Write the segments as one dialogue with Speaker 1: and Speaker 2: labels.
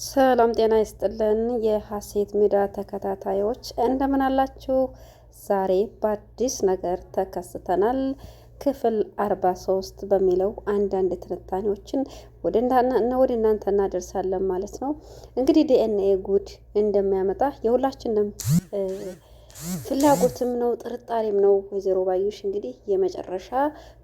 Speaker 1: ሰላም ጤና ይስጥልን። የሀሴት ሚዲያ ተከታታዮች እንደምን አላችሁ? ዛሬ በአዲስ ነገር ተከስተናል። ክፍል ሶስት በሚለው አንዳንድ ትንታኔዎችን ወደ እናንተ እናደርሳለን ማለት ነው። እንግዲህ ዲኤንኤ ጉድ እንደሚያመጣ የሁላችንም ፍላጎትም ነው ጥርጣሬም ነው። ወይዘሮ ባዩሽ እንግዲህ የመጨረሻ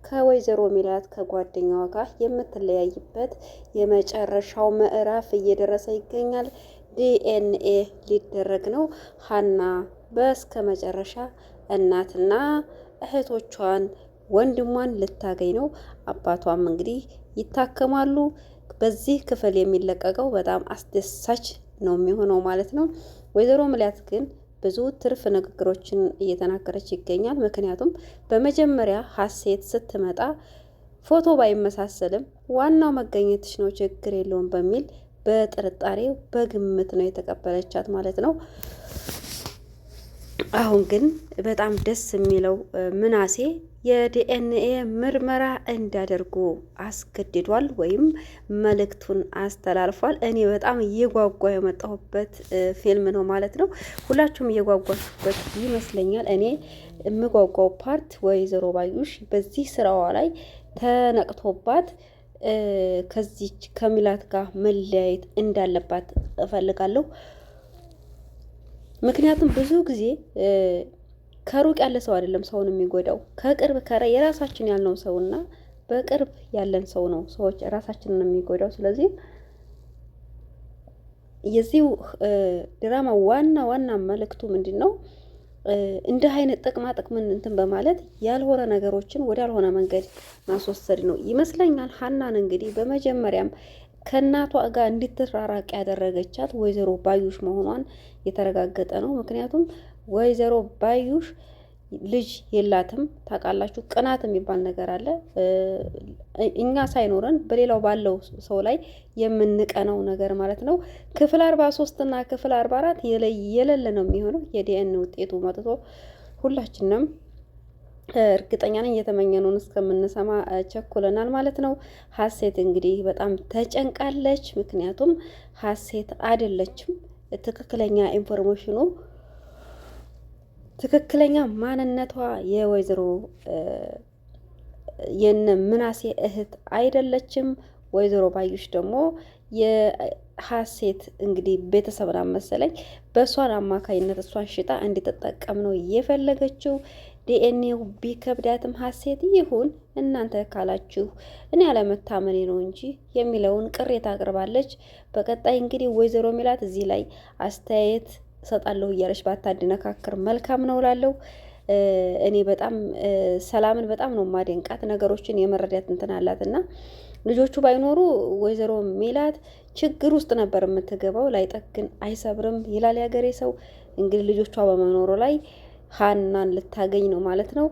Speaker 1: ከወይዘሮ ሚላት ከጓደኛዋ ጋር የምትለያይበት የመጨረሻው ምዕራፍ እየደረሰ ይገኛል። ዲኤንኤ ሊደረግ ነው። ሀና በስከ መጨረሻ እናትና እህቶቿን ወንድሟን ልታገኝ ነው። አባቷም እንግዲህ ይታከማሉ። በዚህ ክፍል የሚለቀቀው በጣም አስደሳች ነው የሚሆነው ማለት ነው። ወይዘሮ ሚላት ግን ብዙ ትርፍ ንግግሮችን እየተናገረች ይገኛል። ምክንያቱም በመጀመሪያ ሀሴት ስትመጣ ፎቶ ባይመሳሰልም ዋናው መገኘትሽ ነው ችግር የለውም በሚል በጥርጣሬ በግምት ነው የተቀበለቻት ማለት ነው። አሁን ግን በጣም ደስ የሚለው ምናሴ የዲኤንኤ ምርመራ እንዲያደርጉ አስገድዷል፣ ወይም መልእክቱን አስተላልፏል። እኔ በጣም እየጓጓ የመጣሁበት ፊልም ነው ማለት ነው። ሁላችሁም እየጓጓችሁበት ይመስለኛል። እኔ የምጓጓው ፓርት ወይዘሮ ባዩሽ በዚህ ስራዋ ላይ ተነቅቶባት ከዚች ከሚላት ጋር መለያየት እንዳለባት እፈልጋለሁ። ምክንያቱም ብዙ ጊዜ ከሩቅ ያለ ሰው አይደለም ሰውን የሚጎዳው ከቅርብ ከረ የራሳችን ያልነው ሰውና በቅርብ ያለን ሰው ነው ሰዎች ራሳችንን የሚጎዳው። ስለዚህ የዚህ ድራማ ዋና ዋና መልእክቱ ምንድን ነው? እንደ አይነት ጥቅማ ጥቅምን እንትን በማለት ያልሆነ ነገሮችን ወዳልሆነ መንገድ ማስወሰድ ነው ይመስለኛል። ሀናን እንግዲህ በመጀመሪያም ከእናቷ ጋር እንድትራራቅ ያደረገቻት ወይዘሮ ባዩሽ መሆኗን የተረጋገጠ ነው። ምክንያቱም ወይዘሮ ባዩሽ ልጅ የላትም። ታውቃላችሁ፣ ቅናት የሚባል ነገር አለ። እኛ ሳይኖረን በሌላው ባለው ሰው ላይ የምንቀነው ነገር ማለት ነው። ክፍል አርባ ሶስት እና ክፍል አርባ አራት የለለ ነው የሚሆነው የዲኤን ውጤቱ መጥቶ ሁላችንም እርግጠኛ ነኝ የተመኘነውን እስከምንሰማ ቸኩለናል ማለት ነው። ሀሴት እንግዲህ በጣም ተጨንቃለች። ምክንያቱም ሀሴት አይደለችም ትክክለኛ ኢንፎርሜሽኑ ትክክለኛ ማንነቷ የወይዘሮ የነ ምናሴ እህት አይደለችም። ወይዘሮ ባዩሽ ደግሞ የሀሴት እንግዲህ ቤተሰብን መሰለኝ በእሷን አማካኝነት እሷን ሽጣ እንድትጠቀም ነው የፈለገችው። ዲኤንኤው ቢከብዳትም ሀሴት ይሁን እናንተ ካላችሁ እኔ አለመታመኔ ነው እንጂ የሚለውን ቅሬታ አቅርባለች። በቀጣይ እንግዲህ ወይዘሮ ሚላት እዚህ ላይ አስተያየት ሰጣለሁ እያለች ባታደነካክር መልካም ነው እላለሁ። እኔ በጣም ሰላምን በጣም ነው ማደንቃት። ነገሮችን የመረዳት እንትን አላት እና ልጆቹ ባይኖሩ ወይዘሮ ሚላት ችግር ውስጥ ነበር የምትገባው። ላይጠግን አይሰብርም ይላል ያገሬ ሰው። እንግዲህ ልጆቿ በመኖሩ ላይ ሀናን ልታገኝ ነው ማለት ነው።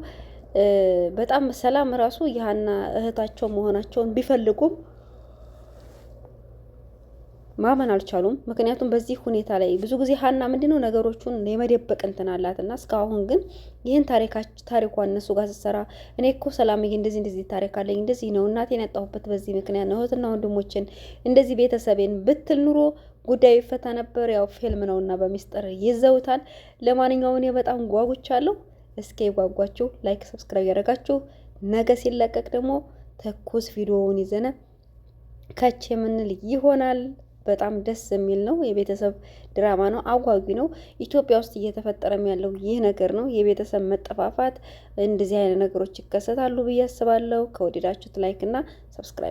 Speaker 1: በጣም ሰላም ራሱ የሀና እህታቸው መሆናቸውን ቢፈልጉም ማመን አልቻሉም። ምክንያቱም በዚህ ሁኔታ ላይ ብዙ ጊዜ ሀና ምንድነው ነገሮቹን የመደበቅ እንትን አላት እና እስካሁን ግን ይህን ታሪኳ እነሱ ጋር ስትሰራ እኔ እኮ ሰላምዬ እንደዚህ እንደዚህ ታሪክ አለኝ እንደዚህ ነው እናቴን ያጣሁበት በዚህ ምክንያት ነው እህትና ወንድሞችን እንደዚህ ቤተሰቤን ብትል ኑሮ ጉዳይ ይፈታ ነበር። ያው ፊልም እና በሚስጥር ይዘውታል። ለማንኛውም እኔ በጣም ጓጉቻለሁ። እስኪ ጓጓችሁ ላይክ፣ ሰብስክራይብ ያደረጋችሁ ነገ ሲለቀቅ ደግሞ ተኩስ ቪዲዮውን ይዘነ ከች የምንል ይሆናል። በጣም ደስ የሚል ነው። የቤተሰብ ድራማ ነው። አጓጊ ነው። ኢትዮጵያ ውስጥ እየተፈጠረም ያለው ይህ ነገር ነው። የቤተሰብ መጠፋፋት፣ እንደዚህ አይነት ነገሮች ይከሰታሉ ብዬ አስባለሁ። ከወደዳችሁት ላይክ እና ሰብስክራይብ